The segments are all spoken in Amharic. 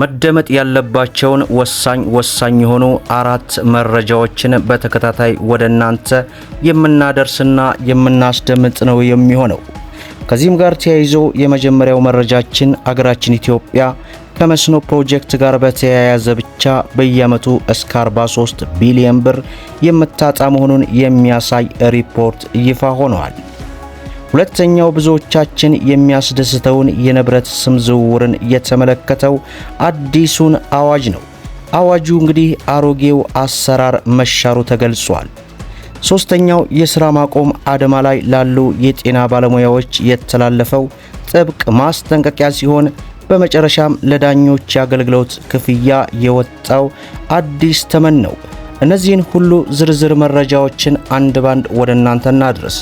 መደመጥ ያለባቸውን ወሳኝ ወሳኝ የሆኑ አራት መረጃዎችን በተከታታይ ወደ እናንተ የምናደርስና የምናስደምጥ ነው የሚሆነው። ከዚህም ጋር ተያይዞ የመጀመሪያው መረጃችን አገራችን ኢትዮጵያ ከመስኖ ፕሮጀክት ጋር በተያያዘ ብቻ በየዓመቱ እስከ 43 ቢሊዮን ብር የምታጣ መሆኑን የሚያሳይ ሪፖርት ይፋ ሆነዋል። ሁለተኛው ብዙዎቻችን የሚያስደስተውን የንብረት ስም ዝውውርን የተመለከተው አዲሱን አዋጅ ነው። አዋጁ እንግዲህ አሮጌው አሰራር መሻሩ ተገልጿል። ሶስተኛው የሥራ ማቆም አድማ ላይ ላሉ የጤና ባለሙያዎች የተላለፈው ጥብቅ ማስጠንቀቂያ ሲሆን በመጨረሻም ለዳኞች የአገልግሎት ክፍያ የወጣው አዲስ ተመን ነው። እነዚህን ሁሉ ዝርዝር መረጃዎችን አንድ ባንድ ወደ እናንተ እናድርስ።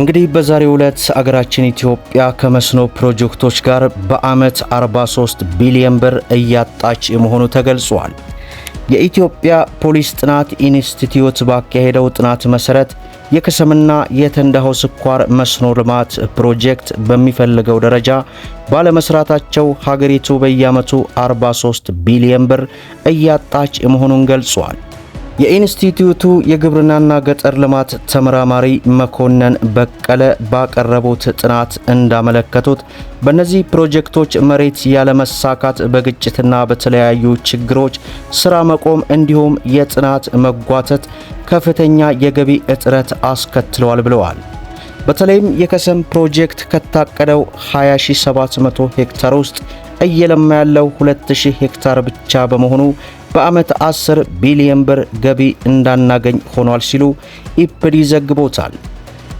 እንግዲህ በዛሬው ዕለት አገራችን ኢትዮጵያ ከመስኖ ፕሮጀክቶች ጋር በዓመት 43 ቢሊዮን ብር እያጣች መሆኑ ተገልጿል። የኢትዮጵያ ፖሊስ ጥናት ኢንስቲትዩት ባካሄደው ጥናት መሰረት የከሰምና የተንዳሆ ስኳር መስኖ ልማት ፕሮጀክት በሚፈልገው ደረጃ ባለመስራታቸው ሀገሪቱ በየዓመቱ 43 ቢሊዮን ብር እያጣች መሆኑን ገልጿል። የኢንስቲትዩቱ የግብርናና ገጠር ልማት ተመራማሪ መኮንን በቀለ ባቀረቡት ጥናት እንዳመለከቱት በእነዚህ ፕሮጀክቶች መሬት ያለመሳካት በግጭትና በተለያዩ ችግሮች ስራ መቆም እንዲሁም የጥናት መጓተት ከፍተኛ የገቢ እጥረት አስከትለዋል ብለዋል። በተለይም የከሰም ፕሮጀክት ከታቀደው 20700 ሄክታር ውስጥ እየለማ ያለው 2000 ሄክታር ብቻ በመሆኑ በዓመት 10 ቢሊዮን ብር ገቢ እንዳናገኝ ሆኗል ሲሉ ኢፕዲ ዘግቦታል።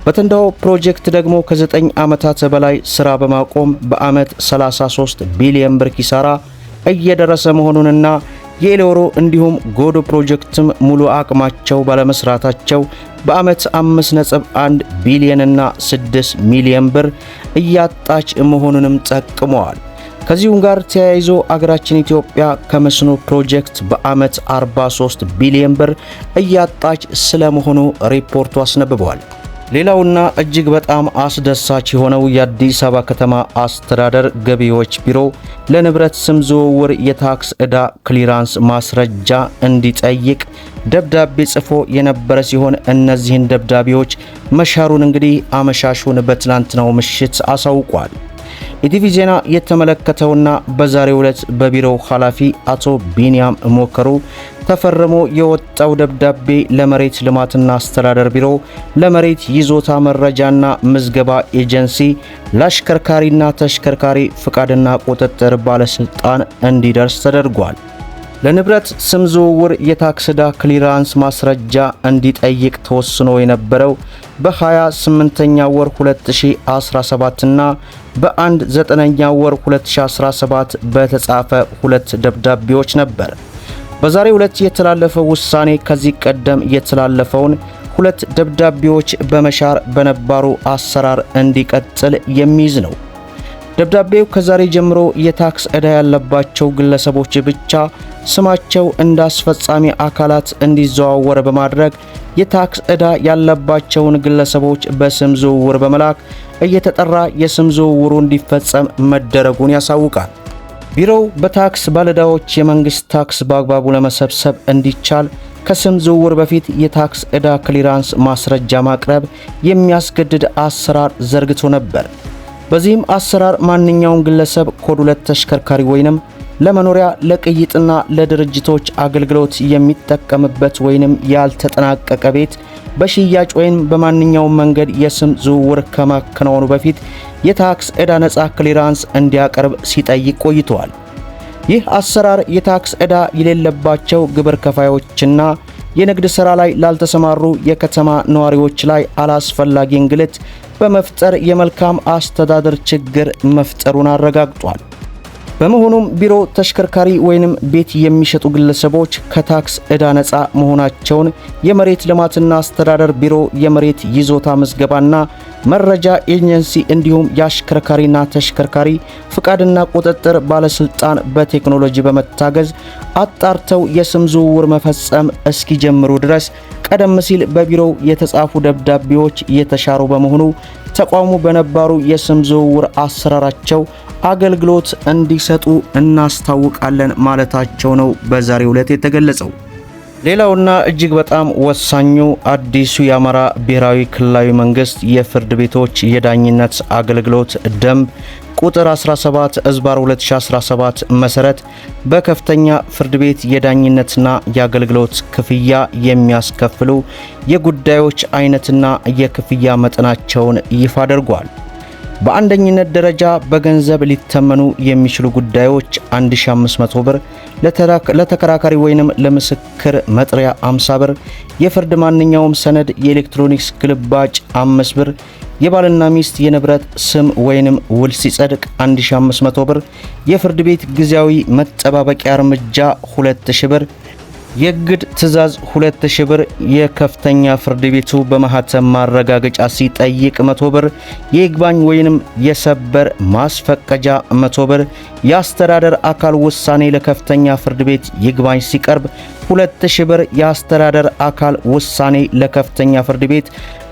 በተንዳሆ ፕሮጀክት ደግሞ ከ9 ዓመታት በላይ ሥራ በማቆም በዓመት 33 ቢሊዮን ብር ኪሳራ እየደረሰ መሆኑንና የኤሌዎሮ እንዲሁም ጎዶ ፕሮጀክትም ሙሉ አቅማቸው ባለመስራታቸው በዓመት 5.1 ቢሊዮንና 6 ሚሊዮን ብር እያጣች መሆኑንም ጠቅመዋል። ከዚሁም ጋር ተያይዞ አገራችን ኢትዮጵያ ከመስኖ ፕሮጀክት በዓመት 43 ቢሊዮን ብር እያጣች ስለመሆኑ ሪፖርቱ አስነብበዋል። ሌላውና እጅግ በጣም አስደሳች የሆነው የአዲስ አበባ ከተማ አስተዳደር ገቢዎች ቢሮ ለንብረት ስም ዝውውር የታክስ ዕዳ ክሊራንስ ማስረጃ እንዲጠይቅ ደብዳቤ ጽፎ የነበረ ሲሆን እነዚህን ደብዳቤዎች መሻሩን እንግዲህ አመሻሹን በትናንትናው ምሽት አሳውቋል። ኢቲቪ ዜና የተመለከተውና በዛሬው ዕለት በቢሮው ኃላፊ አቶ ቢንያም ሞከሩ ተፈርሞ የወጣው ደብዳቤ ለመሬት ልማትና አስተዳደር ቢሮ፣ ለመሬት ይዞታ መረጃና ምዝገባ ኤጀንሲ፣ ለአሽከርካሪና ተሽከርካሪ ፍቃድና ቁጥጥር ባለስልጣን እንዲደርስ ተደርጓል። ለንብረት ስም ዝውውር የታክስ ዕዳ ክሊራንስ ማስረጃ እንዲጠይቅ ተወስኖ የነበረው በ28ኛ ወር 2017 ና በአንድ ዘጠነኛ ወር 2017 በተጻፈ ሁለት ደብዳቤዎች ነበር። በዛሬ ሁለት የተላለፈው ውሳኔ ከዚህ ቀደም የተላለፈውን ሁለት ደብዳቤዎች በመሻር በነባሩ አሰራር እንዲቀጥል የሚይዝ ነው። ደብዳቤው ከዛሬ ጀምሮ የታክስ ዕዳ ያለባቸው ግለሰቦች ብቻ ስማቸው እንደ አስፈጻሚ አካላት እንዲዘዋወር በማድረግ የታክስ ዕዳ ያለባቸውን ግለሰቦች በስም ዝውውር በመላክ እየተጠራ የስም ዝውውሩ እንዲፈጸም መደረጉን ያሳውቃል። ቢሮው በታክስ ባለዕዳዎች የመንግሥት ታክስ በአግባቡ ለመሰብሰብ እንዲቻል ከስም ዝውውር በፊት የታክስ ዕዳ ክሊራንስ ማስረጃ ማቅረብ የሚያስገድድ አሰራር ዘርግቶ ነበር። በዚህም አሰራር ማንኛውም ግለሰብ ኮድ ሁለት ተሽከርካሪ ወይንም ለመኖሪያ ለቅይጥና ለድርጅቶች አገልግሎት የሚጠቀምበት ወይንም ያልተጠናቀቀ ቤት በሽያጭ ወይም በማንኛውም መንገድ የስም ዝውውር ከማከናወኑ በፊት የታክስ ዕዳ ነጻ ክሊራንስ እንዲያቀርብ ሲጠይቅ ቆይተዋል። ይህ አሰራር የታክስ ዕዳ የሌለባቸው ግብር ከፋዮችና የንግድ ሥራ ላይ ላልተሰማሩ የከተማ ነዋሪዎች ላይ አላስፈላጊ እንግልት በመፍጠር የመልካም አስተዳደር ችግር መፍጠሩን አረጋግጧል። በመሆኑም ቢሮ፣ ተሽከርካሪ ወይንም ቤት የሚሸጡ ግለሰቦች ከታክስ ዕዳ ነፃ መሆናቸውን የመሬት ልማትና አስተዳደር ቢሮ የመሬት ይዞታ ምዝገባና መረጃ ኤጀንሲ እንዲሁም የአሽከርካሪና ተሽከርካሪ ፍቃድና ቁጥጥር ባለስልጣን በቴክኖሎጂ በመታገዝ አጣርተው የስም ዝውውር መፈጸም እስኪጀምሩ ድረስ ቀደም ሲል በቢሮው የተጻፉ ደብዳቤዎች የተሻሩ በመሆኑ ተቋሙ በነባሩ የስም ዝውውር አሰራራቸው አገልግሎት እንዲሰጡ እናስታውቃለን ማለታቸው ነው በዛሬው ዕለት የተገለጸው። ሌላውና እጅግ በጣም ወሳኙ አዲሱ የአማራ ብሔራዊ ክልላዊ መንግስት የፍርድ ቤቶች የዳኝነት አገልግሎት ደንብ ቁጥር 17 እዝባር 2017 መሰረት በከፍተኛ ፍርድ ቤት የዳኝነትና የአገልግሎት ክፍያ የሚያስከፍሉ የጉዳዮች አይነትና የክፍያ መጠናቸውን ይፋ አድርጓል። በአንደኝነት ደረጃ በገንዘብ ሊተመኑ የሚችሉ ጉዳዮች 1500 ብር፣ ለተከራካሪ ወይንም ለምስክር መጥሪያ 50 ብር፣ የፍርድ ማንኛውም ሰነድ የኤሌክትሮኒክስ ግልባጭ 5 ብር፣ የባልና ሚስት የንብረት ስም ወይንም ውል ሲጸድቅ 1500 ብር፣ የፍርድ ቤት ጊዜያዊ መጠባበቂያ እርምጃ 2000 ብር፣ የእግድ ትዕዛዝ 2000 ብር፣ የከፍተኛ ፍርድ ቤቱ በማህተም ማረጋገጫ ሲጠይቅ 100 ብር፣ የይግባኝ ወይንም የሰበር ማስፈቀጃ 100 ብር፣ የአስተዳደር አካል ውሳኔ ለከፍተኛ ፍርድ ቤት ይግባኝ ሲቀርብ 2000 ብር የአስተዳደር አካል ውሳኔ ለከፍተኛ ፍርድ ቤት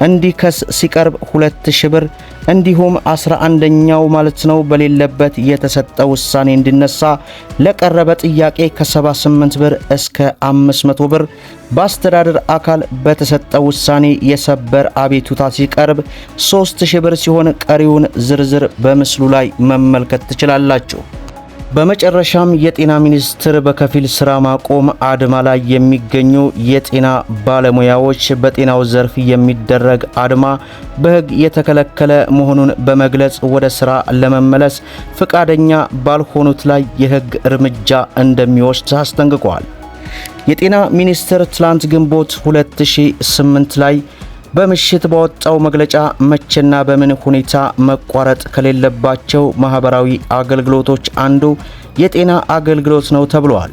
እንዲከስ ሲቀርብ 2000 ብር እንዲሁም 11ኛው ማለት ነው በሌለበት የተሰጠ ውሳኔ እንዲነሳ ለቀረበ ጥያቄ ከ78 ብር እስከ 500 ብር በአስተዳደር አካል በተሰጠ ውሳኔ የሰበር አቤቱታ ሲቀርብ 3000 ብር ሲሆን ቀሪውን ዝርዝር በምስሉ ላይ መመልከት ትችላላችሁ። በመጨረሻም የጤና ሚኒስቴር በከፊል ስራ ማቆም አድማ ላይ የሚገኙ የጤና ባለሙያዎች በጤናው ዘርፍ የሚደረግ አድማ በሕግ የተከለከለ መሆኑን በመግለጽ ወደ ስራ ለመመለስ ፈቃደኛ ባልሆኑት ላይ የሕግ እርምጃ እንደሚወስድ አስጠንቅቋል። የጤና ሚኒስቴር ትላንት ግንቦት 2008 ላይ በምሽት በወጣው መግለጫ መቼና በምን ሁኔታ መቋረጥ ከሌለባቸው ማህበራዊ አገልግሎቶች አንዱ የጤና አገልግሎት ነው ተብሏል።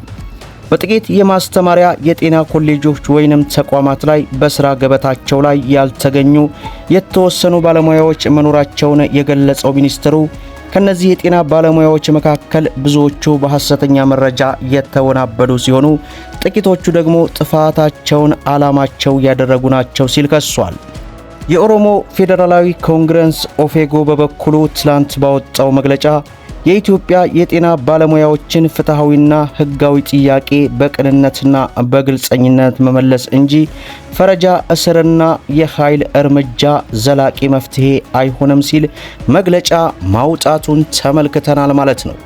በጥቂት የማስተማሪያ የጤና ኮሌጆች ወይንም ተቋማት ላይ በስራ ገበታቸው ላይ ያልተገኙ የተወሰኑ ባለሙያዎች መኖራቸውን የገለጸው ሚኒስትሩ ከነዚህ የጤና ባለሙያዎች መካከል ብዙዎቹ በሐሰተኛ መረጃ የተወናበዱ ሲሆኑ ጥቂቶቹ ደግሞ ጥፋታቸውን ዓላማቸው ያደረጉ ናቸው ሲል ከሷል። የኦሮሞ ፌዴራላዊ ኮንግረስ ኦፌጎ በበኩሉ ትላንት ባወጣው መግለጫ የኢትዮጵያ የጤና ባለሙያዎችን ፍትሐዊና ሕጋዊ ጥያቄ በቅንነትና በግልጸኝነት መመለስ እንጂ ፈረጃ፣ እስርና የኃይል እርምጃ ዘላቂ መፍትሄ አይሆንም ሲል መግለጫ ማውጣቱን ተመልክተናል ማለት ነው።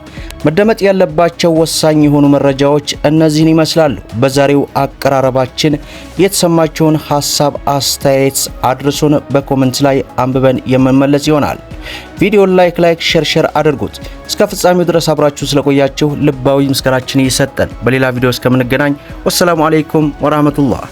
መደመጥ ያለባቸው ወሳኝ የሆኑ መረጃዎች እነዚህን ይመስላሉ። በዛሬው አቀራረባችን የተሰማቸውን ሀሳብ፣ አስተያየት አድርሱን። በኮመንት ላይ አንብበን የምንመለስ ይሆናል። ቪዲዮን ላይክ ላይክ ሼር ሼር አድርጉት። እስከ ፍጻሜው ድረስ አብራችሁ ስለቆያችሁ ልባዊ ምስጋናችን ይሰጠን። በሌላ ቪዲዮ እስከምንገናኝ ወሰላሙ አሌይኩም ወራህመቱላህ